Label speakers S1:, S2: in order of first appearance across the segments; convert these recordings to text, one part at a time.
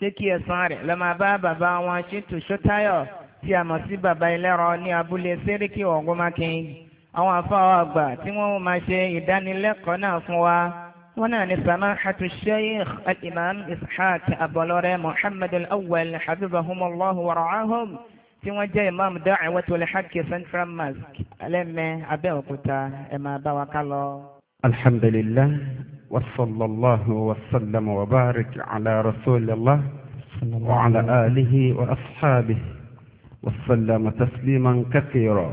S1: jẹ́ kí ẹ̀san rẹ̀ lọ máa bá bàbá wọn Ṣítù Ṣótáyọ̀ tí a mọ̀ sí bàbá ẹlẹ́rọ ní abúlé Séríkì Ògúnmákin àwọn afáwọ̀ àgbà tí wọ́n máa ṣe ìdánilẹ́kọ̀ọ́ náà fún wa wọ́n náà ní samahatu sheikh al-imam ishaq abọlọ́rẹ́ muhammad al-awwal habibahumullahu wa tí wọ́n jẹ́ imam da'watul haqq central mosque alẹ́mẹ́ abẹ́òkúta ẹ̀ máa bá wa ká lọ.
S2: وصلى الله وسلم وبارك على رسول الله وعلى آله وأصحابه وسلم تسليما كثيرا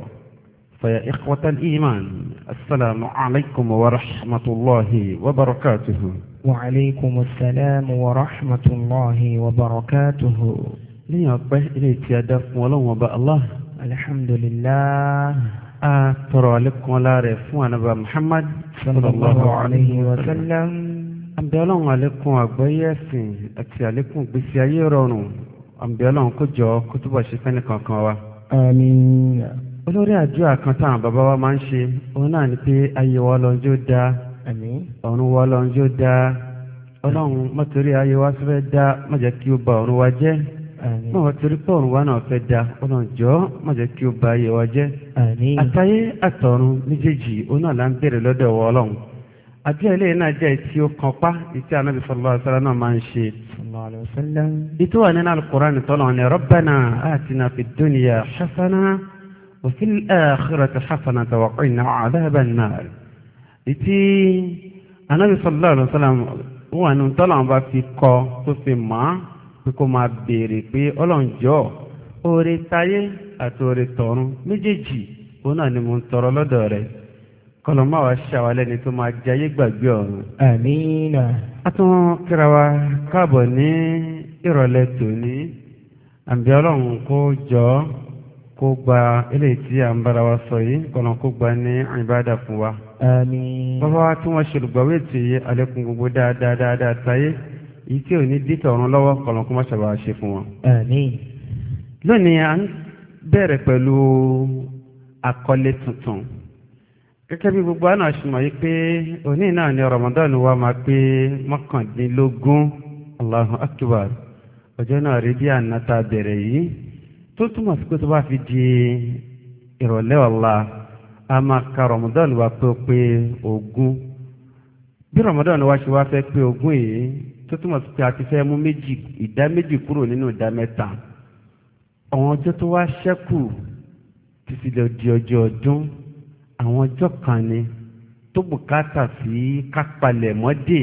S2: فيا إخوة الإيمان السلام عليكم ورحمة الله وبركاته
S1: وعليكم السلام ورحمة الله
S2: وبركاته ليا إليك يا دف ولو الله الحمد لله a tọrọ alekun lára fún anaba muhammad sallallahu alayhi wa sallam àbí ọlọ́run alekun àgbọ́yé ẹ̀sìn àti alekun gbèsè ayé rọrùn àbí ọlọ́run kó jọ kó túbọ̀ ṣe fẹ́ni kankan wa. àmín. olórí àdúrà kan táwọn bàbá wa máa ń ṣe òun náà ni pé ayé wa lọ́njọ́ da ọ̀run wa lọ́njọ́ da ọlọ́run mọ́tòrí ayé wa fẹ́ da má jẹ́ kí ó ba ọ̀run wa jẹ́ náà wọ́n torí pọ́ọ̀rù wa náà fẹ́ da ọ̀nà jọ́ mọ̀jẹ́ kí ó ba ayé wa jẹ́ àtayé àtọ̀run méjèèjì òun náà là ń bèrè lọ́dọ̀ wọ ọlọ́run àti ẹlẹ́yìn náà jẹ́ tí ó kan pa ìtí anábì sallallahu alaihi wasallam náà máa ń ṣe ìtú wà nínú alukóran tọ́lọ̀ ní rabbana atina fid dunya hasana wa fil akhirati hasana wa qina adhaban nar ìtí pé kó máa béèrè pé ọlọ́njọ́ oore táyé àti oore tọ̀run méjèèjì òun náà ni mo ń tọrọ lọ́dọ̀ rẹ̀ kọlọmọ wa ṣàwálẹ ni tó máa jayé gbàgbé ọ̀run. àmínà. a tún kíra wa káàbọ̀ ní ìrọ̀lẹ́ tòní àbí ọlọ́run kó jọ kó gba eléyìí tí à ń bára wa sọ yìí kọ́nà kó gba ní ìbádà fún wa. àmín. bàbá wa tí wọ́n ṣe olùgbàwé tì í alẹ́kùn gbogbo dáadáa dáadáa táyé. èyí tí ò ní dítọ̀ ọ̀run lọ́wọ́ kọlọ̀kú mọ́ṣàbà ṣe fún wọn. lónìí a ń bẹ̀rẹ̀ pẹ̀lú àkọlé tuntun gẹ́gẹ́ bí gbogbo àná ṣe mọ̀ yìí pé òní náà ni Ramadan wa máa pé mọ́kàndínlógún Allahu Akbar ọjọ́ náà rí bí bẹ̀rẹ̀ yìí tó túmọ̀ sí pé tó a máa ka Ramadan wa pé ogún bí Ramadan wa tó túmọ̀ sí pé a ti fẹ́ mú méjì ìdá méjì kúrò nínú ìdá mẹ́ta àwọn ọjọ́ tó wá ṣẹ́kù ti fi lọ di ọjọ́ ọdún àwọn ọjọ́ kan ni tó bùkátà sí kápalẹ̀ mọ́dé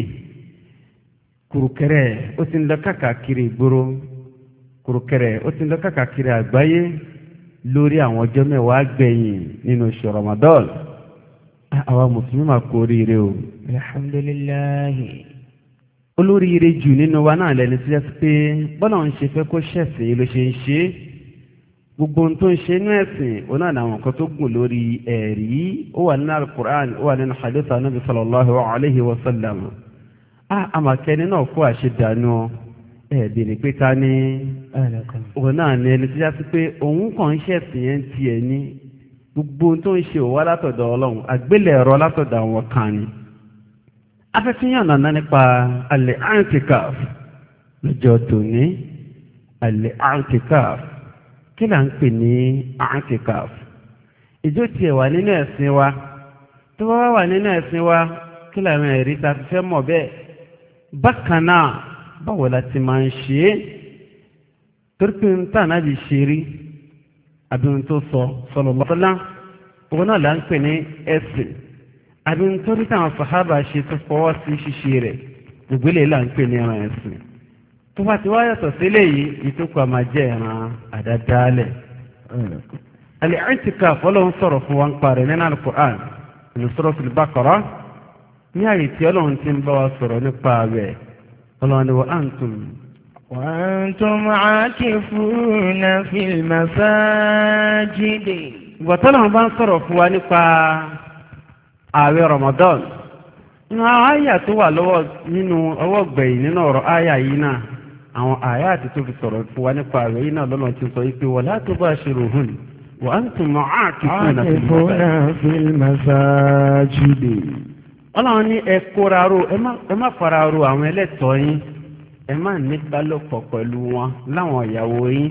S2: kùrùkẹrẹ ó ti ń lọ káàkiri ìgboro kùrùkẹrẹ ó ti ń lọ káàkiri àgbáyé lórí àwọn ọjọ́ mẹ́wàá gbẹ̀yìn nínú oṣù Ramadan àwa mùsùlùmí máa kú o. alhamdulilayi olóríire jù nínú wa náà lẹni sílẹ̀ sí pé bọ́nà ń ṣe fẹ́ kó ṣẹ̀sìn ló ṣe ń ṣe é gbogbo ohun tó ń ṣe inú ẹ̀sìn òun náà làwọn kan tó gùn lórí ẹ̀rí ó wà nínú alukur'an ó wà nínú hadith anabi sallallahu alayhi wa sallam a àmàkẹ́ni náà kó àṣedànù ẹ̀ẹ́dì ní pé ká ní òun náà ní ẹni sílẹ̀ sí pé òun kàn ń ṣẹ̀sìn yẹn tiẹ̀ ní gbogbo ohun tó ń ṣe òwá látọ̀dọ̀ ọlọ́run àgbélẹ̀rọ látọ̀dọ̀ àwọn kan ni afẹ́fíyàn nàná nípa alẹ́ antikaf lọ́jọ́ tòní alẹ́ antikaf kí là ń pè ní antikaf ìjó tiẹ̀ wà nínú ẹ̀sìn wa tó bá wà nínú ẹ̀sìn wa kí làwọn ẹ̀rí ta fi fẹ́ mọ̀ bẹ́ẹ̀ bákan náà báwo la ti máa ń ṣe é torí pé ń tà náà lè ṣe rí àbí ohun tó sọ sallallahu alaihi òun náà là ń pè ní ẹ̀sìn àbí nítorí táwọn sàhábà ṣe tó fọwọ́ sí ṣíṣe rẹ̀ gbogbo ilé là ń pè ní ẹran ẹ̀sìn tó bá ti wá yàtọ̀ sílé yìí ìtòkù àmà jẹ́ ẹran àdádálẹ̀. al-i'tikaf fọlọ́hún sọ̀rọ̀ fún wa ń parẹ́ nínú al-Qur'an ní Suratul Baqara ní àyè tí ọlọ́run ti ń bá wa sọ̀rọ̀ nípa rẹ̀ ọlọ́run ni wa antum. wa antum
S1: aakifuna fil masajid.
S2: ìgbà tọ́lọ́run bá ń sọ̀rọ̀ fún wa nípa ààwẹ̀ Ramadan nínú àyà tó wà lọ́wọ́ nínú ọwọ́ gbẹ̀yìn nínú ọ̀rọ̀ àyà yìí náà àwọn àyà àti tó fi sọ̀rọ̀ fún wa nípa ààwẹ̀ yìí náà lọ́nà ti sọ pé wala tubashiruhun wa antum ma'akifuna
S1: fil masajid.
S2: ọlọ́run ní ẹ kóra ro ẹ má fara ro àwọn ẹlẹ́tọ̀ọ́ yín ẹ má nígbàlọ́pọ̀ pẹ̀lú wọn láwọn ìyàwó yín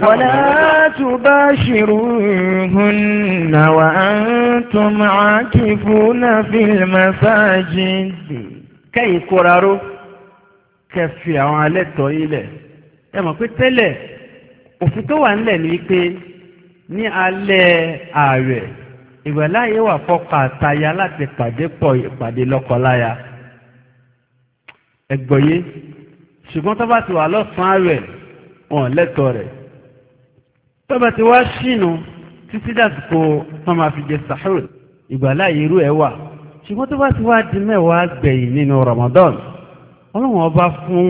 S1: ولا
S2: تباشروهن
S1: وأنتم عاكفون في المساجد
S2: كي كرارو كفي على الطويلة ẹmọ̀ pé tẹ́lẹ̀ òfin أن wà nílẹ̀ ni pé ní alẹ́ ààrẹ ìwẹ̀láyé wà fọ́pá àtayá láti pàdé pọ̀ ìpàdé lọ́kọláya ẹgbọ̀yé ṣùgbọ́n tó bá ti wà lọ́sàn-án wọn lẹ́tọ̀ọ́ rẹ̀ tọ́ba ti wá ṣìnú títí dàsìkò wọn máa fi jẹ sahur ìgbàlá irú ẹ̀ wà ṣùgbọ́n tó bá ti wá di mẹ́wàá gbẹ̀yìn nínú Ramadan ọlọ́run ọba fún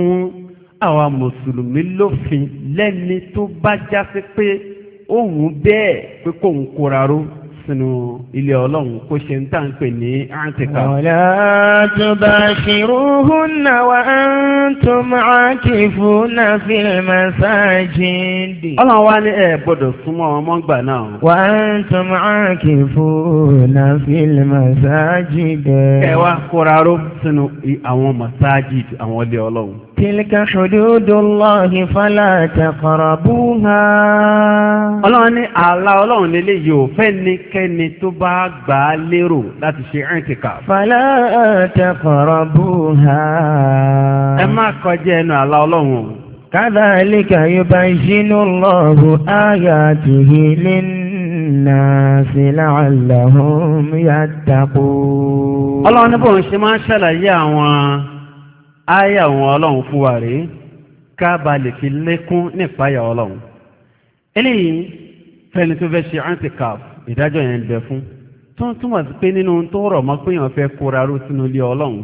S2: àwa mùsùlùmí lófin lẹ́ni tó bá jásí pé òun bẹ́ẹ̀ pé kóun kóra ró sínú ilé ọlọ́run kó ṣe ń tà ń pè ní àǹtíkà. ọ̀la tó bá ṣírú hún náà wà á tó máa kì fún náà fi màsáàjì dì. ọlọ́run wá ní ẹ gbọ́dọ̀ súnmọ́ ọmọ gbà náà.
S1: wà á tó máa kì fún náà fi màsáàjì dì. ẹ wá
S2: kóra ró sínú àwọn màsáàjì àwọn ilé ọlọ́run. تلك حدود
S1: الله فلا تقربوها ọlọ́run ní àlá
S2: ọlọ́run nílé yóò fẹ́nikẹ́ni tó bá gbà á lérò láti ṣe ẹ̀ǹtìkà.
S1: fala taqrabuha. ẹ má
S2: kọjá ẹnu àlá ọlọ́run.
S1: kadhalika yubayyinu Allahu ayatihi linnasi la'allahum yattaqun. ọlọ́run ní bò
S2: ṣe máa ṣàlàyé àwọn. ayé àwọn ọlọ́run fún wa rèé ká ba lè fi lékún ọlọ́run eléyìí fẹ́ni tó fẹ́ ṣe antikaf ìdájọ́ yẹn bẹ fún tó ń túmọ̀ sí pé nínú tó rọ̀ mọ́ pé èèyàn fẹ́ kóra ró sínú ilé ọlọ́run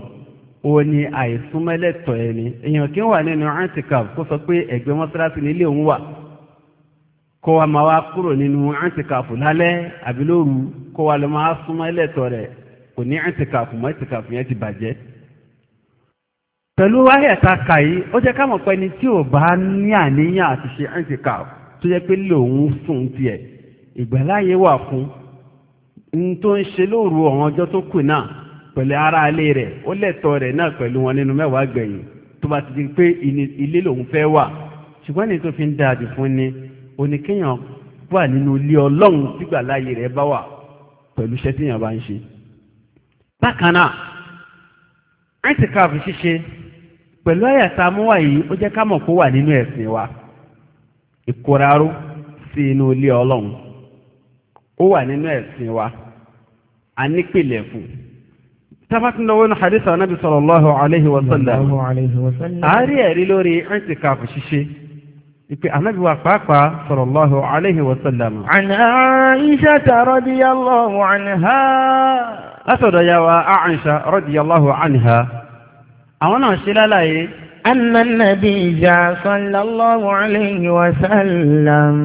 S2: ó ní ẹni èèyàn kí ń antikaf kó sọ pé ẹ̀gbẹ́ mọ́sálásí òun wà kó wa máa antikaf lálẹ́ àbí lóru kó wa lọ máa antikaf mọ́ antikaf yẹn ti bàjẹ́ pẹ̀lú ayẹ̀ta kàyí ó jẹ́ ká mọ̀ pé ẹni tí ò bá ní àníyàn àti ṣe àǹtíkà tó jẹ́ pé lòun fún tiẹ̀ ìgbàláyé wà fún n tó ń ṣe lóru ọ̀hún ọjọ́ tó kù náà pẹ̀lú ara ilé rẹ̀ ó lẹ́tọ̀ọ́ rẹ̀ náà pẹ̀lú wọn nínú mẹ́wàá gbẹ̀yìn tó bá ti di pé ilé lòun fẹ́ wà ṣùgbọ́n ní tó fi ń dáa jù fún ni oníkéèyàn wà nínú ilé ọlọ́run tígbàláyé rẹ̀ bá wà pẹ̀lú iṣẹ́ tíyàn bá ń ṣe. bákan náà àǹtíkà fi ṣíṣe pẹ̀lú àyàtà mú wà yìí ó jẹ́ ká mọ̀ kó wà nínú ẹ̀sìn wa ìkóraró sí inú ilé ọlọ́run ó wà nínú ẹ̀sìn wa a nípìlẹ̀ fún tafatin lọ́wọ́ ní hadisa nabi sallallahu alaihi wa sallam àárí ẹ̀rí lórí ìtìkàfù ṣíṣe ìpè ànábì wa pàápàá sallallahu alaihi wa sallam. àná Aisha radiyallahu anha. látọ̀dọ̀ yà wá Aisha radiyallahu
S1: anha àwọn náà ṣe lálàyé. anna nabiyya sallallahu
S2: alayhi wa
S1: sallam.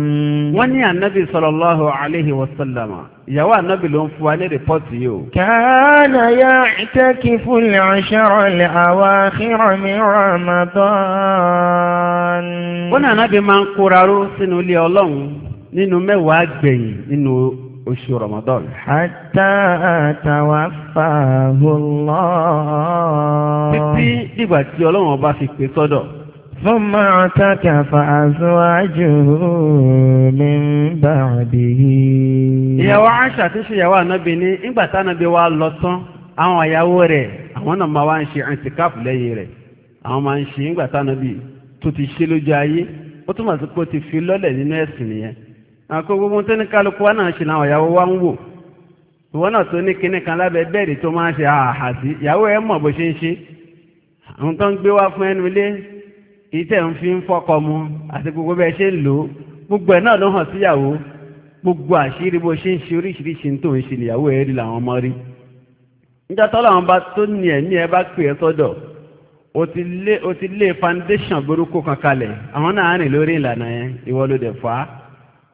S2: wọ́n ní ànábì sallallahu alayhi wa sallam ìyàwó ànábì ló ń fún wa ní rìpọ́tì yìí o.
S1: kana ya'takifu al-ashara al-awakhira min Ramadan.
S2: wọ́n ní ànábì máa ń kóra ró sínú ilé ọlọ́run nínú mẹ́wàá gbẹ̀yìn nínú oṣù Ramadan. Hatta tawaffahu Allah. Títí dìgbà tí Ọlọ́run ọba fi pè sọ́dọ̀.
S1: Thumma i'takafa azwajuhu min ba'dihi. Ìyàwó
S2: Aisha tó ṣe ìyàwó ànábì ní ìgbà tánábì wa lọ tán, àwọn ìyàwó rẹ̀, àwọn náà máa wá ń ṣe àǹtíkáàfù lẹ́yìn rẹ̀. Àwọn máa ń ṣe ìgbà tánábì tó ti ṣe lójú ayé, ó túmọ̀ sí pé ó ti fi lọ́lẹ̀ nínú ẹ̀sìn nìyẹn àkó gbogbo tó ní kálukú wa náà ṣe làwọn ìyàwó wa ń wò ìwọ náà tó ní kinní kan lábẹ́ bẹ́ẹ̀dì tó máa ń ṣe àhàtì ìyàwó ẹ mọ̀ bó ṣe ń ṣe àwọn tó ń gbé wá fún ẹnu ilé ìtẹ̀ ń fi ń fọkọ mu àti gbogbo bẹ́ẹ̀ ṣe ń lò ó gbogbo ẹ̀ náà ló hàn síyàwó gbogbo àṣírí bó ṣe ń ṣe oríṣiríṣi tó ń ṣe ìyàwó ẹ̀ rí làwọn ọmọ rí nígbà tọ́lá àwọn bá tó ní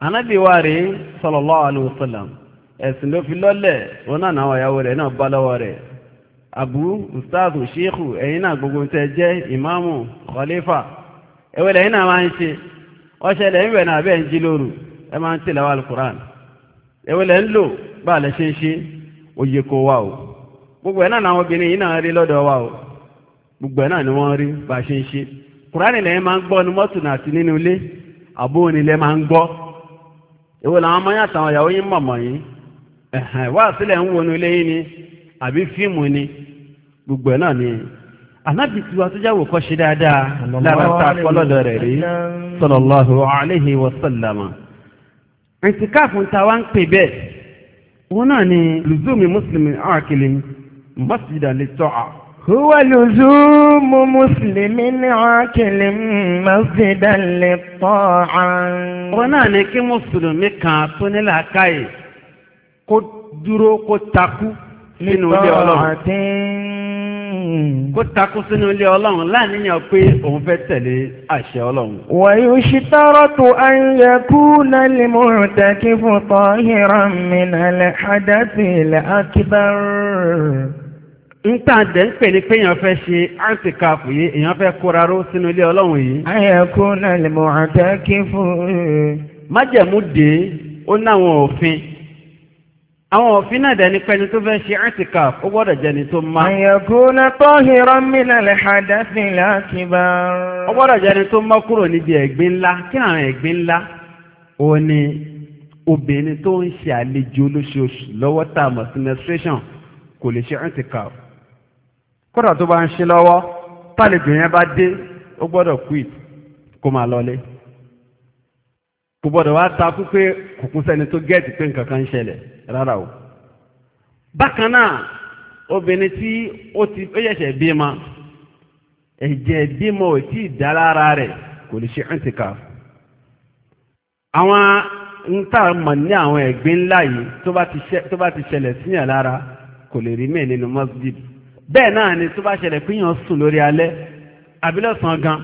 S2: anábì wa rèé sallallahu alaihi wasallam ẹ̀sìn ló fi lọ́lẹ̀ wọn náà náà ìyàwó rẹ̀ náà bá lọ́wọ́ rẹ̀ abu ustaz sheikhu ẹ̀yin náà gbogbo tẹ jẹ́ ìmáàmù khalifa ẹ̀wẹ̀ lẹ́yìn náà máa ń ṣe ọṣẹ lẹ́yìn bẹ̀rẹ̀ náà bẹ́ẹ̀ ń jí lóru ẹ máa ń tìlẹ̀ wà alukuran ẹ̀wẹ̀ lẹ́ ń lò bá àlẹ́ ṣe ń ṣe òye kò wà o gbogbo ẹ̀ náà làwọn obìnrin yìí náà rí lọ́dọ̀ wa o gbogbo ẹ̀ náà ni wọ́n rí bá ṣe ń ṣe kùránì lẹ́yìn máa ń gbọ́ ní mọ́tò náà àti nínú ilé àbóhùn ilẹ̀ máa ń gbọ́ ìwé làwọn àtàwọn ìyàwó yín mọ̀mọ̀ yín ẹ̀hẹ̀n wá sílẹ̀ ń wọnú ni àbí fíìmù ni gbogbo ẹ̀ náà ni ànábì tiwa kọ́ ṣe dáadáa lára tá a rẹ̀ rí sallama ta wá ń pè bẹ́ẹ̀ wọn náà ni mùsùlùmí àkìlì mọ́sídà lè
S1: هو لزوم مسلم عاقل مسجدا للطاعة wọn náà
S2: ní kí mùsùlùmí kan tó ní làákàyè kó dúró kó takú sínú ilé ọlọ́run kó takú sínú ilé ọlọ́run láàníyàn pé òun fẹ́ tẹ̀lé àṣẹ ọlọ́run.
S1: ويشترط أن يكون المعتكف طاهرا من الحدث الأكبر
S2: ń tàn dẹ̀ ń pè ní pé èèyàn fẹ́ ṣe àǹtìkàfù yìí èèyàn fẹ́ kóra ró sínú ilé ọlọ́run yìí. ayẹ̀kú náà lè mọ̀ àtàkì fún un. májẹ̀mú dé ó náwọn òfin àwọn òfin náà dẹni pẹ́ni tó fẹ́ ṣe àtìkàf ó gbọ́dọ̀ jẹni tó máa. àyẹ̀kú na tọ́hìrọ́ mílẹ̀ lè hàdá sí lákìbá. ó gbọ́dọ̀ jẹni tó mọ́ kúrò níbi ẹ̀gbin ńlá kí àwọn ẹ̀gbin ńlá ó ní obìnrin tó ń ṣe àlejò olóṣooṣù lọ́wọ́ tá a mọ̀ sí menstruation kò lè ṣe àtìkàf. kódà tó bá ń ṣe lọ́wọ́ tálejò yẹn bá dé ó gbọ́dọ̀ quit kó máa lọlé kò gbọ́dọ̀ wá takú pé kùkún sẹ́ni tó gẹ́ẹ̀tì pé nǹkan kan ń ṣẹlẹ̀ rárá o bákan náà obìnrin tí ó ti ó yẹ̀ṣẹ̀ bímọ ẹ̀jẹ̀ bímọ ò tí ì dá lára rẹ̀ kò lè ṣe ẹ̀ǹtìkà àwọn ń tà mọ̀ ní àwọn ńlá yìí tó bá ti ṣẹlẹ̀ síyàn lára kò lè rí mẹ́ẹ̀ nínú bẹ́ẹ̀ náà ni tó bá ṣẹlẹ̀ pé yàn sùn lórí alẹ́ àbílọ̀sán gan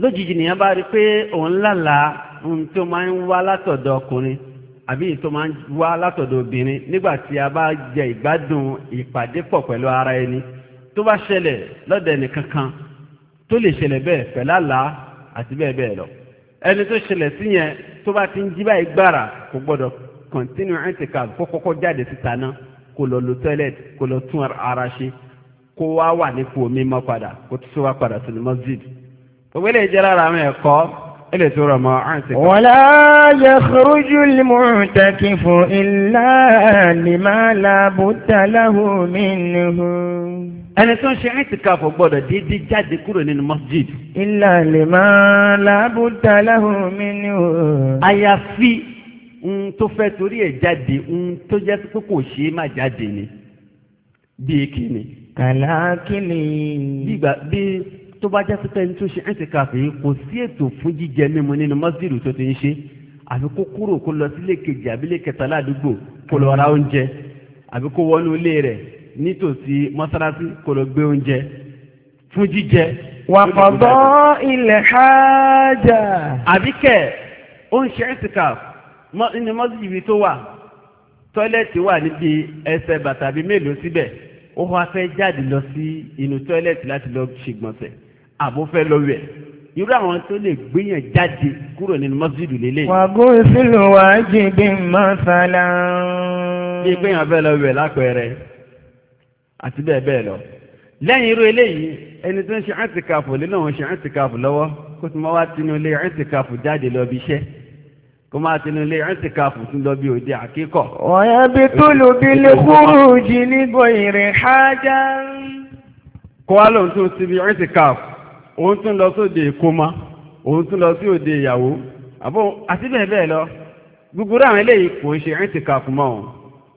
S2: lójijì nìyẹn bá rí pé òun lálàá ohun tó máa ń wá látọ̀dọ̀ ọkùnrin àbí èyí tó máa ń wá látọ̀dọ̀ obìnrin nígbà tí a bá jẹ ìgbádùn ìpàdé pọ̀ pẹ̀lú ara ẹni tó bá ṣẹlẹ̀ lọ́dọ̀ ẹnìkan kan tó lè ṣẹlẹ̀ bẹ́ẹ̀ pẹ̀lú àti bẹ́ẹ̀ bẹ́ẹ̀ lọ ẹni tó ṣẹlẹ̀ sí yẹn tó bá ti ń jí báyìí gbàrà kò gbọ́dọ̀ continue antikab kó kọ́kọ́ jáde síta náà kó lọ lu toilet kó lọ tún ara ṣe kó wá wà nípò mímọ́ padà kó tún wá padà sínú masjid òwe lè jẹ́ lára àwọn ẹ̀kọ́ ilé tó rọ̀ mọ́ àǹtí. wala yakhrujul mu'takifu
S1: illa lima la budda lahu minhu.
S2: ẹni tó ń ṣe àìsíkàfọ̀ gbọ́dọ̀ dídí jáde kúrò nínú masjid. illa lima la budda àyàfi ń tó fẹ́ torí ẹ̀ jáde ń tó jẹ́ pé kò ṣeé má jáde ni bíi kìíní. kàlá kìíní. bí gbà bí tó bá jẹ́ pípẹ́ ní tó ṣe ẹ̀ ti kàfé kò sí ètò fún jíjẹ mímu nínú mọ́sídìrì tó ti ń ṣe àfi kó kúrò kó lọ sílé kejì àbílẹ̀ kẹta ládùúgbò kó lọ ra oúnjẹ àbí kó wọnú ilé rẹ̀ nítòsí mọ́sálásí kó lọ gbé oúnjẹ fún jíjẹ. wàkọ̀dọ̀ ilẹ̀ hájà. àbíkẹ́ ó ń ṣe ẹ̀ ti ní mọ́síjìbì tó wà tọ́lẹ̀tì wà níbi ẹsẹ̀ bàtà bíi mélòó síbẹ̀ ó wá fẹ́ jáde lọ sí inú tọ́lẹ̀tì láti lọ ṣègbọ̀nsẹ̀ àbó fẹ́ lọ wẹ̀ irú àwọn tó lè gbéyàn jáde kúrò nínú mọ́síjìdù lélẹ̀. wàgó
S1: ìsìlò wà jìbì mọ́sálà. bí
S2: gbéyàn fẹ́ lọ wẹ̀ lápẹẹrẹ àti bẹ́ẹ̀ bẹ́ẹ̀ lọ lẹ́yìn irú eléyìí ẹni tó ń ṣe àtìkàfù lé náà ń ṣe àtìkàfù lọ́wọ́ kó tó máa wá tinú ilé àtìkàfù jáde lọ bí iṣẹ́ kó máa tinú ilé ẹ̀ǹtìkáàfù tún lọ bí òde àkíkọ̀. ọ̀yẹ́ bí tó lò bí lè kúrò jì níbo ìrìn hájá. kó wá lóun tún síbi ẹ̀ǹtìkáàfù òun tún lọ sóde ìkómà òun tún lọ sí òde ìyàwó àbó àti bẹ́ẹ̀ bẹ́ẹ̀ lọ gbogbo àwọn eléyìí kò ń ṣe ẹ̀ǹtìkáàfù mọ́ ọ́n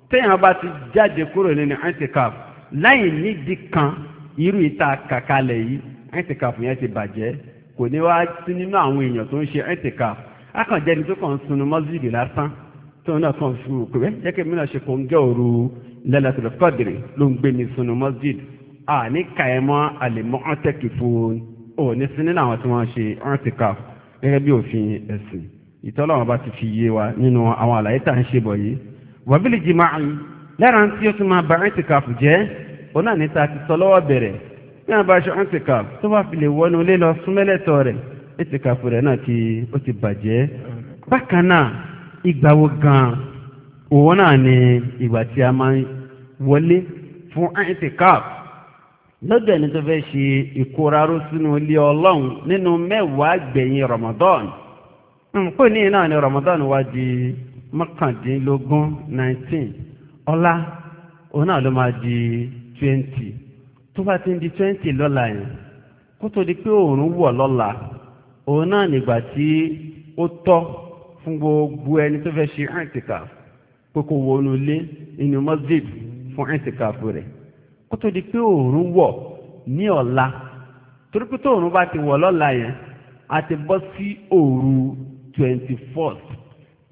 S2: téèyàn bá ti jáde kúrò nínú ẹ̀ǹtìkáàfù láì nídìí kan irú ìta kàkálẹ̀ yìí ẹ̀ǹtìkáàfù yẹn ti bàjẹ́ kò ní wá sí nínú àwọn èèyàn tó ń ṣe ẹ̀ǹtìkáàfù akànjẹni tó kàn ń sunu mọ́sídìí lásán tó náà kàn fún un pé jẹ́ kí mi náà ṣe kó ń gẹ́ òru lẹ́lẹ́tìlẹ̀ kọ́dìrì ló ń gbé ní sunu mọ́sídìí à ní kàyẹ́mọ́ àlèmọ́ ọ̀tẹ́kì fún ò ní sí nínú àwọn tí wọ́n ṣe ọ̀ǹtìkà gẹ́gẹ́ bí òfin ẹ̀sìn ìtọ́lọ́wọ́n bá ti fi yé wa nínú àwọn àlàyé tá à ń ṣe bọ̀ yìí wàbílì jì máa ń lára tí ó tún máa bá ọ̀ǹtìkà fù jẹ́ òun náà ní ta ti sọ lọ́wọ́ bẹ̀rẹ̀ bí wọ́n bá ṣe ọ̀ǹtìkà tó bá fi lè wọnú lé lọ súnmẹ́lẹ̀tọ̀ rẹ̀ ètìkàfù rẹ̀ náà ti ó ti bàjẹ́ bákan náà ìgbà wo gan òun náà ni ìgbà tí a máa ń wọlé fún ètìkàfù lọ́dọ̀ ẹni tó fẹ́ ṣe ìkóraró sínú ilé ọlọ́run nínú mẹ́wàá gbẹ̀yìn Ramadan nǹkó ní iná ni Ramadan wá di mọ́kàndínlógún nineteen ọ̀la òun náà ló máa di twenty tó bá ti di twenty lọ́la yẹn kó tó di pé òòrùn wọ̀ lọ́la òun náà nígbà tí ó tọ́ fún gbogbo ẹni tó fẹ́ ṣe ẹ̀ǹtìkà pé kó wọnú ilé inú masjid fún ẹ̀ǹtìkà fún rẹ̀ kó tó di pé òòrùn wọ̀ ní ọ̀la torí pé tóòrùn bá ti wọ̀ lọ́la yẹn a ti bọ́ sí òru twenty fourth.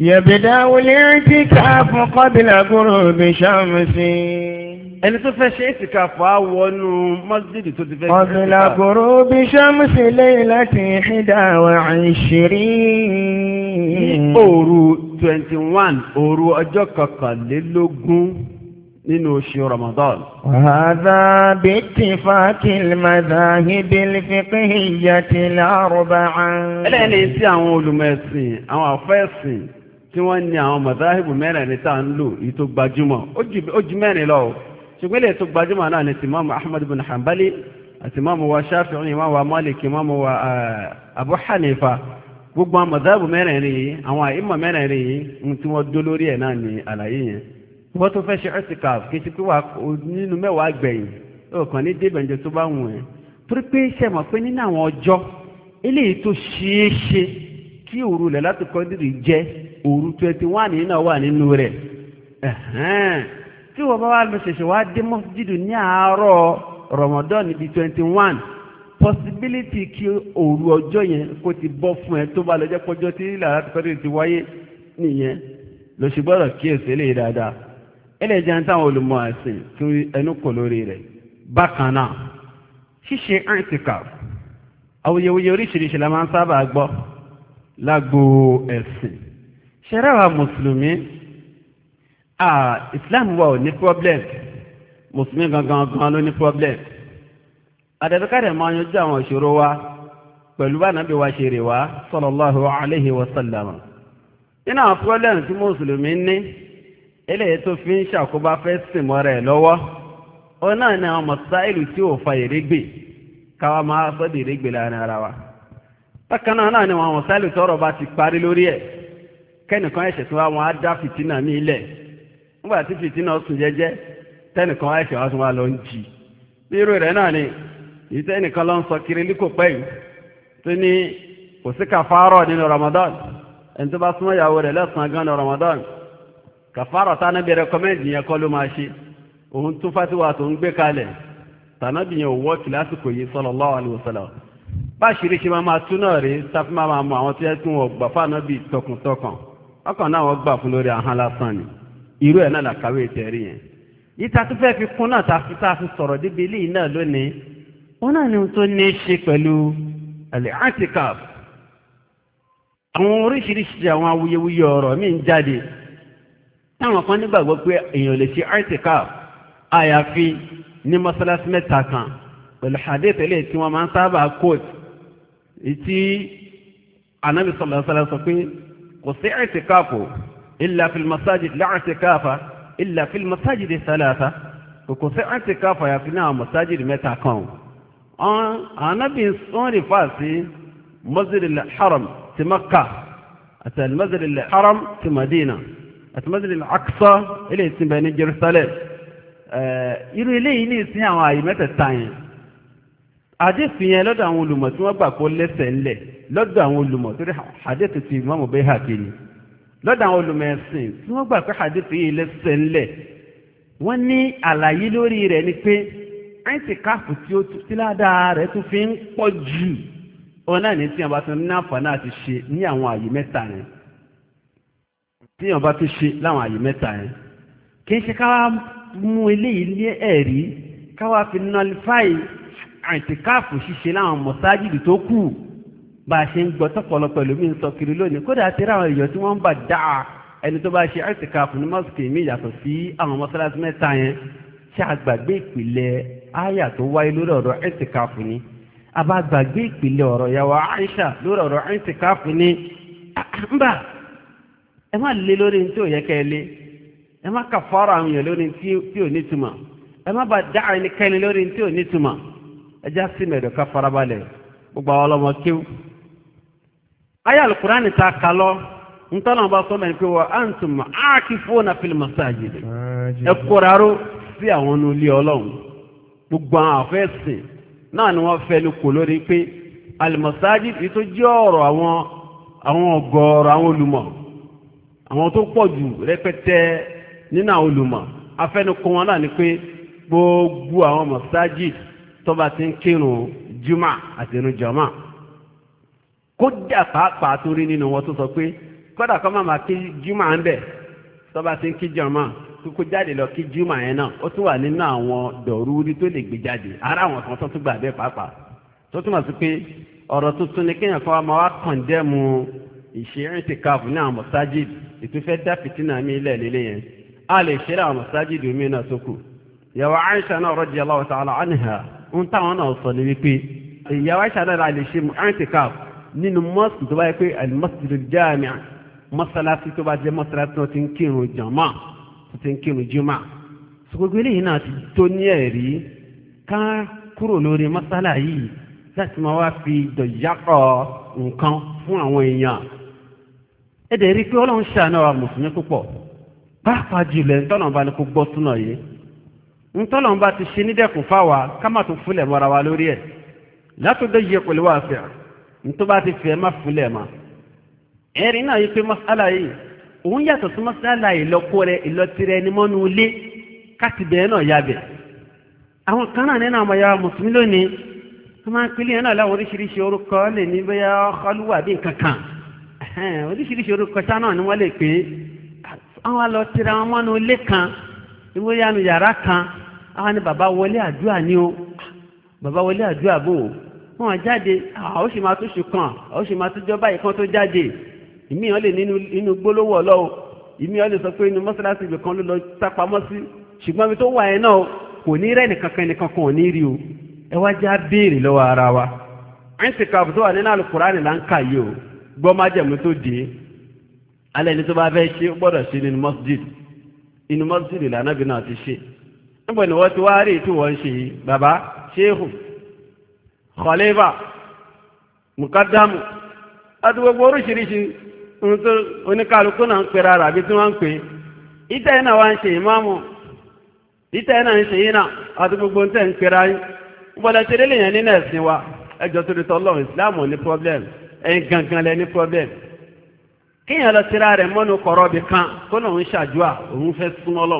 S2: yẹ̀bẹ̀dá wọlé ẹ̀ǹtìkà fún kọ́bìlà gúrò bí sàmùsìn ẹni tó fẹ́ ṣe ìtìkàfà àwọnú masjid tó ti fẹ́ ṣe ìtìkàfà. ọ̀dùnlá
S1: kòrò bí ṣámsì laylatin ihda wa ishirin. òru
S2: twenty one òru ọjọ́ kọkànlélógún nínú oṣù Ramadan. Hadha bittifaqil madhahibil fiqhiyyatil arba'a. ẹlẹ́ni tí àwọn olùmẹ̀sìn àwọn àfẹ́sìn tí wọ́n ní àwọn madhahibu mẹ́rin ní tá à ń lò yìí tó gbajúmọ̀ ó ju mẹ́rin lọ. ṣùgbọ́n ilé tó gbajúmọ̀ náà ni ahmad bin hanbali àti mọ́mù wa maliki mọ́mù eh, abu gbogbo àwọn mọ̀dáàbù mẹ́rẹ̀ẹ̀rin àwọn àìmọ̀ mẹ́rẹ̀ẹ̀rin yìí tí wọ́n dó lórí ẹ̀ náà ni àlàyé yẹn wọ́n tó fẹ́ ṣe ẹ́sìkàf kí ti pé wà nínú mẹ́wàá gbẹ̀yìn ọkàn ní débẹ̀njẹ tó bá ẹ́ ṣe mọ̀ pé nínú àwọn ọjọ́ eléyìí tó ṣeé ṣe kí òru láti kọ́ndìrì jẹ́ òru tí wọ́n bá wá lọ ṣẹ̀ṣẹ̀ wá dé mọ́sídìdù ní àárọ̀ rọ̀mọ́dọ́nì bíi twenty one possibility kí òru ọjọ́ yẹn kó ti bọ́ fún ẹ tó bá lọ jẹ́ pọ́jọ́ tí ìlànà àtìkọ́dé ti wáyé nìyẹn lọ sí gbọ́dọ̀ kíyèsí eléyìí dáadáa ẹlẹ́jà ń táwọn olùmọ̀ àsìn tí ẹnu kò lórí rẹ̀ bákan náà ṣíṣe àìsíkà awuyewuye oríṣiríṣi la máa ń sábà gbọ́ lágbo ẹ̀sìn ṣẹ̀rẹ̀ wa mùsùlùmí ah islam wa ò ní problem mùsùlùmí gangan gan ló ní problem àdàbíkàdà máa yanjú àwọn ìṣòro wa pẹ̀lú bá nàbí wa ṣe rè sallallahu alayhi wa sallam nínú àwọn problem tí mùsùlùmí ní eléyìí tó fi ń ṣàkóbá fẹ́ sìn mọ́ra ẹ̀ lọ́wọ́ ó náà ní àwọn mọ̀sáìlù tí ò fa ìrégbè káwa máa sọ́dọ̀ ìrégbè láàrin ara wa bákan náà náà ni àwọn mọ̀sáìlù tọ́rọ̀ bá ti parí lórí ẹ̀ kẹ́nìkan ẹ̀ṣẹ̀ tí wọ́n á dá fìtínà ní ilẹ̀ nígbà tí fìtínà sùn jẹ́jẹ́ tẹ́nìkan àìsàn wá tún wá lọ ń jì bí irú rẹ̀ náà ni èyí tẹ́nìkan lọ ń sọ kiri líkò pẹ́ yìí tó ní kò sí kàfárọ̀ nínú Ramadan ẹni tó bá súnmọ́ ìyàwó rẹ̀ lẹ́sàn-án gan ní Ramadan kàfárọ̀ tánábì rẹkọmẹ́ǹdì yẹn kọ́ ló máa ṣe òun tún fásiwà tó ń gbé kalẹ̀ tànábì yẹn wọ́ kìlásìkò yìí sallallahu alaihi wasallam bá ṣírí ṣe máa tún náà rí tafi máa máa mọ àwọn tí wọ́n gbà fáànà bíi tọkàntọkàn ọkàn náà wọ́n gbà fún lórí ahọ́n lásán ni irú ẹ̀ náà làkàwé tẹ̀rí yẹn ìta tó fẹ́ fi kún náà ta fi ta fi sọ̀rọ̀ débi eléyìí náà lónìí wọn náà ni tó ní í ṣe pẹ̀lú al-i'tikaf àwọn oríṣiríṣi àwọn awuyewuye ọ̀rọ̀ mi ń jáde táwọn kan nígbàgbọ́ pé èèyàn lè ṣe i'tikaf àyàfi ní mọ́sálásí mẹ́ta kan pẹ̀lú hadith eléyìí tí wọ́n máa ń sábà kóòtù ìtí anábì pé kò sí i'tikaf illa fil masajid láàtìkáfà illa fil masajid salasa kòkò sí àtìkáfà yàtí ní àwọn masajid mẹ́ta kan ànábì wọ́n rí fà sí masjidil haram ti makka àti masjidil haram ti madina àti masjidil aqsa ilé ìsinmi ní jerusalem irú ilé yìí ní ìsìn àwọn àyè mẹ́tẹ̀ẹ̀ta yẹn àdéfin yẹn lọ́dọ̀ àwọn olùmọ̀ tí wọ́n gbà kó lẹ́sẹ̀ ńlẹ̀ lọ́dọ̀ àwọn olùmọ̀ torí àdéfin ti mọ́mọ́ bẹ́ẹ̀ hà kiri lọ́dọ̀ àwọn olùmẹ̀sìn tí wọ́n gbà pé hadith yìí lẹ́sẹ̀ ńlẹ̀ wọ́n ní àlàyé lórí rẹ̀ ni pé àìsíkáàfù tí ó ti ládàá rẹ̀ tún fi ń pọ̀ jù òun náà ní tí wọ́n bá tún ní àǹfààní àti ṣe ní àwọn àyè mẹ́ta yẹn tí wọ́n bá tún ṣe láwọn àyè mẹ́ta yẹn kì í ṣe káwá mú eléyìí ní ẹ̀rí káwá fi nọlifáì àìsíkáàfù ṣíṣe láwọn mọ̀sájìdì tó kù bá a ṣe ń gbọ́ tọ́pọ̀lọpọ̀ ẹlòmíì ń sọ kiri lónìí kódà ti rí àwọn èèyàn tí wọ́n ń bà dáa ẹni tó bá ṣe àìsíkàfù ní mọ́sùkì mi yàtọ̀ sí àwọn mọ́sálásí mẹ́ta yẹn ṣé àgbàgbé ìpìlẹ̀ áyà tó wáyé lórí ọ̀rọ̀ àìsíkàfù ni àbágbàgbé ìpìlẹ̀ ọ̀rọ̀ yàwó Aisha lórí ọ̀rọ̀ àìsíkàfù ni mbà ẹ má lé lórí tí ò yẹ kẹ́ lé ẹ má kà fọ́ọ̀rọ̀ àwọn èèyàn lórí tí ò nítumọ̀ ẹ má bà dáa ẹnikẹ́ni lórí tí ò nítumọ̀ ẹ já sí ká farabalẹ̀ gbogbo àwọn ọlọ́mọ kéwù ayé alukurani ta kalọ́ ntọ́nà bá sọ mẹ́rin pé wọ́n á ń tún mọ́ ákífóònà fil masajid ẹ kóraró sí àwọn olè ọlọ́run gbogbo àwọn àfẹ́sìn náà ni wọ́n fẹ́ lóko lórí pé alimasaji tó jẹ́ ọ̀rọ̀ àwọn àwọn ọ̀gọ̀ọ̀rọ̀ àwọn olùmọ̀ àwọn tó pọ̀ jù rẹpẹtẹ nínú àwọn olùmọ̀ afẹ́nukọ wọn náà ni pé gbogbo àwọn masaji tó bá ti ń kírun juma àti irun jama kódà pàápàá tó rí nínú wọn tó sọ pé kódà kọ́ máa kí jùmọ̀ ń bẹ̀ tó bá ti ń kí jọmọ́ kókó jáde lọ kí jùmọ̀ yẹn náà ó tún wà nínú àwọn dọ̀rúurí tó lè gbé jáde ara àwọn kan tó tún gbà bẹ́ẹ̀ pàápàá tó túmọ̀ sí pé ọ̀rọ̀ tuntun ni kéèyàn kan wá máa wá kọ̀ǹdẹ́mu ìṣeré ti káàbù ní àwọn mọ̀sájìd ìtúfẹ́ dá fìtínà mi ilẹ̀ líle yẹn a lè ṣeré àwọn mọ̀sájìd mi náà tó kù ìyàwó Aisha náà radiyallahu ta'ala anha ń táwọn náà sọ ní wípé ìyàwó Aisha náà lè ṣe ìrìn ti káàbù nínú mọ́sùn tó bá yẹ pé alimọ́sùn jáàmì mọ́sálásí tó bá jẹ́ mọ́sálásí tó ti ń kírun jàmá tó ti ń kírun jùmá sọgbogbo eléyìí náà ti tó ní ẹ̀rí ká kúrò lórí mọ́sálà yìí láti máa wá fi dọ̀yàkọ̀ nǹkan fún àwọn èèyàn ẹ̀dẹ̀ rí pé ọlọ́run ṣàánú wa mùsùlùmí púpọ̀ pàápàá jùlọ ntọ́nà bá ní gbọ́ súnà n'toba ti fi ẹ má fúnlẹ̀ ma ẹ̀rín náà yí pé masala yìí òun yàtọ̀ sí masala ìlọ́kọ́ rẹ ìlọ́tirẹ ni mọ́nu ilé káti bẹ̀rẹ̀ náà yá bẹ̀ àwọn kan náà nínú àwọn ya mùsùlùmí lónìí wọ́n máa ń pín lẹ́yìn náà láwọn oríṣiríṣi orúkọ lè ní oríṣiríṣi orúkọ náà ni wọ́n lè pè é àwọn wọn mọ́nu kan ìwé yanu yàrá kan àwọn ni bàbá wọlé àdúrà ni bàbá wọlé wọn jáde àwọn sì máa tún ṣùkàn àwọn sì máa tún jọba ìkan tó jáde ìmí ọ lè nínú gbólówó ọlọ́wọ́ ìmí ọ lè sọ pé inú mọ́ṣáláṣí ibìkan ló lọ sápamọ́ sí ṣùgbọ́n ibi tó wà ẹ̀ náà kò ní rẹ́ nìkankan nìkankan ò ní rí o ẹ wá já béèrè lọ́wọ́ ara wa ẹ̀ǹtìkàbù tó wà nínú àlùkùránì là ń kà yìí o gbọ́ májẹ̀mú tó dé alẹ́ ní tó bá fẹ́ ṣe ó gbọ́dọ̀ ṣe nínú mọ́sídìd inú mọ́sídìd lànà bí náà ti ṣe níbo ni wọ́n ti kọ̀lẹ́bà mùkádàmù àti gbogbo oríṣiríṣi ohun tó oníkàlùkù náà ń pera rà bí tí wa ń ṣe ìmáàmù ìtẹ́ iná ń ṣe iná àti gbogbo ohun tẹ́ ń pera yín gbọ́dọ̀ ṣe lé lèèyàn nínú ẹ̀sìn wa ẹjọ́ tó ditọ́ lọ́wọ́ ìsìláàmù ní kan kó lóun ṣàdúà òun fẹ́ súnmọ́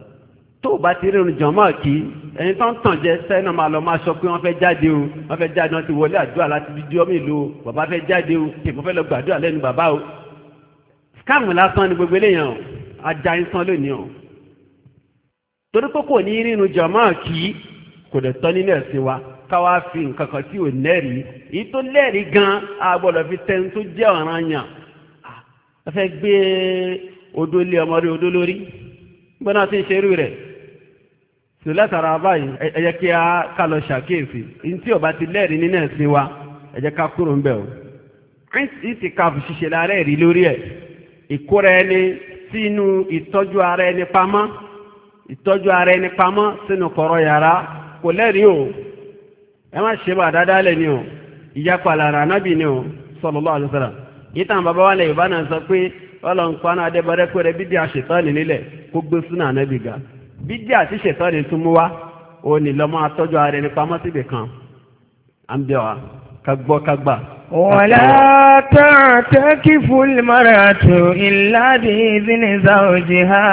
S2: tó bá ti rírun jọmọ́ kí ẹni tó ń tàn jẹ sẹ́nà máa lọ máa sọ pé wọ́n fẹ́ jáde o wọ́n fẹ́ jáde wọ́n ti wọlé àdúrà láti di ọmọ ìlú o bàbá fẹ́ jáde o tèmọ́ fẹ́ lọ gbàdúrà lẹ́nu bàbá o skáàmù lásán ni gbogbo eléyàn o ajá ń san lónìí o torí pé kò ní rírun jọmọ́ kí kò dẹ̀ tọ́ nínú ẹ̀sìn wa ká wá fi nǹkan kan tí ò lẹ́rìí èyí tó lẹ́rìí gan a fi tẹnu tó jẹ́ ti ń ṣerú rẹ̀ tò látara báyìí ẹ kí a ká lọ ṣàkíyèsí ní tí ó bá ti lẹ́rìí nínú ẹ̀sìn wa ẹ ká kúrò ń bẹ̀ o ìtì káfù ṣiṣẹ́ lára ẹ̀rí lórí ẹ̀ ìkóra ẹni sínú ìtọ́jú ara ẹni pamọ́ ìtọ́jú ara ẹni pamọ́ sínú kọ̀rọ̀ yàrá kò o ẹ má ṣe bá dáadáa lẹ̀ ni o ìyapa lára anábì ni o ga bídí àti ṣètọ́ ni tún mú wá ó ní lọ́mọ atọ́jú ara ẹni pamọ́ síbì kan à ń bẹ̀ wá ká gbọ́ ká gbà. wọ́lá
S1: tààtà kí fúlmọ́ra tó
S2: ìlàdí ìzínìza òjì ha.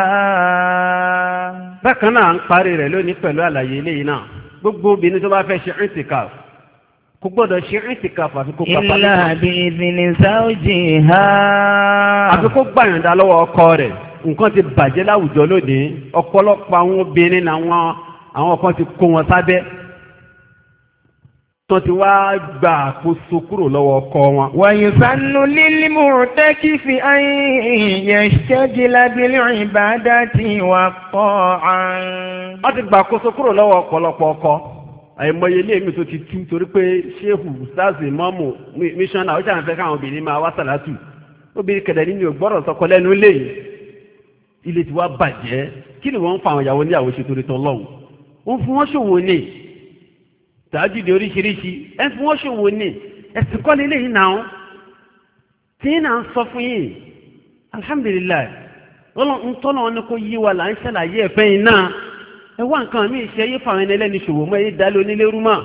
S2: bákan náà ń parí rẹ̀ lónìí pẹ̀lú àlàyé eléyìí náà gbogbo obìnrin tó bá fẹ́ ṣe ìtìkà kò gbọ́dọ̀ ṣe ìtìkà àfi kó papá. ìlàdí
S1: ìzínìza òjì ha. àfi
S2: kó gbàyànjá lọ́wọ́ ọkọ rẹ̀ nǹkan ti bàjẹ́ láwùjọ lónìí ọ̀pọ̀lọpọ̀ àwọn obìnrin làwọn àwọn kan ti kó wọn sábẹ́ tán ti wá gba àkóso kúrò lọ́wọ́ ọkọ wọn. wàyí sanu lílí mùtẹ́kì fi ayẹyẹ ṣẹ́jìlá bílí ìbàdà tí wà pọ̀ àn. wọ́n ti gba àkóso kúrò lọ́wọ́ ọ̀pọ̀lọpọ̀ ọkọ àìmọye ilé mi tó ti tú torí pé ṣéhù sáàsì mọ́mù míṣánná ó ṣàǹfẹ́ káwọn obìnrin máa wá sàlátù obìnrin kẹ̀dẹ̀ nínú ìgbọ́rọ̀ sọkọ lẹ́nu léyìí ilé ti wá bàjẹ́ kí ni wọ́n ń fa àwọn ìyàwó níyàwó ṣe torí tán lọ́hùn ó ń fún wọn ṣòwò ní tàájúde oríṣiríṣi ẹ ń fún wọn ṣòwò ní ẹ̀sìn kọ́lé lẹ́yìn náà tí yín náà ń sọ fún yín alihamudulilayi wọ́n ń tọ́nà wọn ni kò yí wa là ń ṣàlàyé ẹ̀fẹ́ yín náà ẹ wá nǹkan mi ṣe yé fáwọn ẹni ẹlẹ́ni ṣòwò mọ́ ẹyẹ dálé onílérú mọ́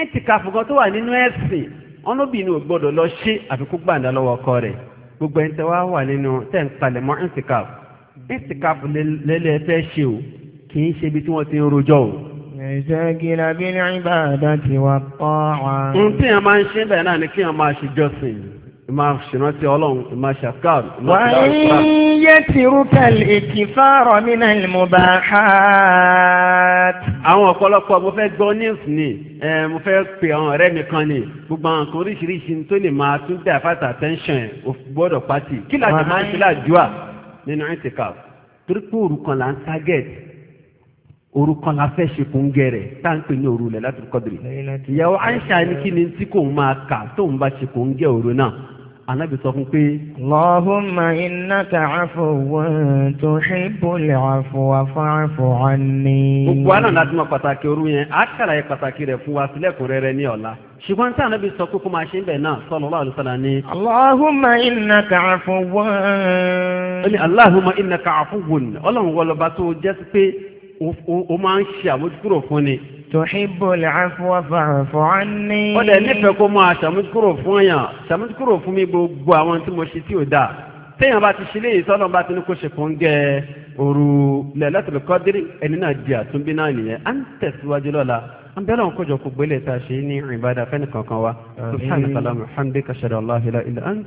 S2: ẹ ti kà fún kan tó wà nínú ẹ̀sìn ọlọ́bìnrin ò gbọ́dọ̀ lọ ṣe àfikún gbàǹdà lọ́wọ́ ọkọ rẹ̀ gbogbo ẹni tẹ́ wá wà nínú tẹ́ ń palẹ̀mọ́ ẹ̀ ti kà fún ìsìkáàfù lẹ́lẹ́ fẹ́ ṣe o kì í ṣe ibi tí wọ́n ti ń rojọ́ o. ìṣẹ́gìlá bí ní ìbàdàn
S1: ti wà pọ̀ wọn. ohun tí
S2: èèyàn máa ń ṣe bẹ́ẹ̀ náà ni kí èèyàn máa ṣe jọ́sìn máa ṣèrántí ọlọ́run máa ṣàkáàrù. wà á yẹ ti rúkẹ̀lì ìkìfàrọ̀ nínú ìmọ̀bà àwọn ọ̀pọ̀lọpọ̀ mo fẹ́ gbọ́ news ni mo fẹ́ pe àwọn ọ̀rẹ́ mi kan ni gbogbo àwọn nǹkan oríṣiríṣi tó lè máa tún dá fàtà attention gbọ́dọ̀ pàtì kí làjọ máa ń ṣe láàjúà nínú itikaf torí pé òru kan là ń target òru kan la fẹ́ ṣe fún gẹ̀rẹ̀ tá à ń pè ní òru lẹ̀ láti kọ́dìrì ìyàwó Aisha ni kí ni tí kò máa kà tóun bá ṣe fún gẹ̀ òru náà. Ànábì sọ fún pé. Allahumma innaka afuwwun tuhibbul afwa fa'fu
S1: anni.
S2: Gbogbo àná láti mọ pàtàkì òru yẹn, a ṣàlàyé pàtàkì rẹ̀ fún wa sílẹ̀kùnrẹ́rẹ́ ní ọ̀la. Ṣùgbọ́n tí Ànábì sọ pé máa ṣe ń bẹ̀ náà sallallahu alaihi wasallam ni. Allahumma innaka afuwwun. Ó ní Allahumma innaka afuwwun. Ọlọ́run wọlọba tó jẹ́ sí pé o tòhíbò làáfíwá fàáfọ́ á ní. ó dẹ̀ nífẹ̀ẹ́ kó máa ṣàmúkúrò fún èèyàn ṣàmúkúrò fún mi gbogbo àwọn tí mo ṣe tí ò dáa téèyàn bá ti ṣe léyìí sọ́nà bá ti ní kó ṣe kó gẹ òru lẹ́lẹ́tìlú kọ́dírì ẹni náà di àtúnbí náà nìyẹn à ń tẹ̀síwájú lọ́la an bẹ̀rẹ̀ wọn kójọ kó gbélé ta ṣe ní ìbádà fẹ́ni kankan wa wa ta'ala muhammed kashadu allah ila ila ant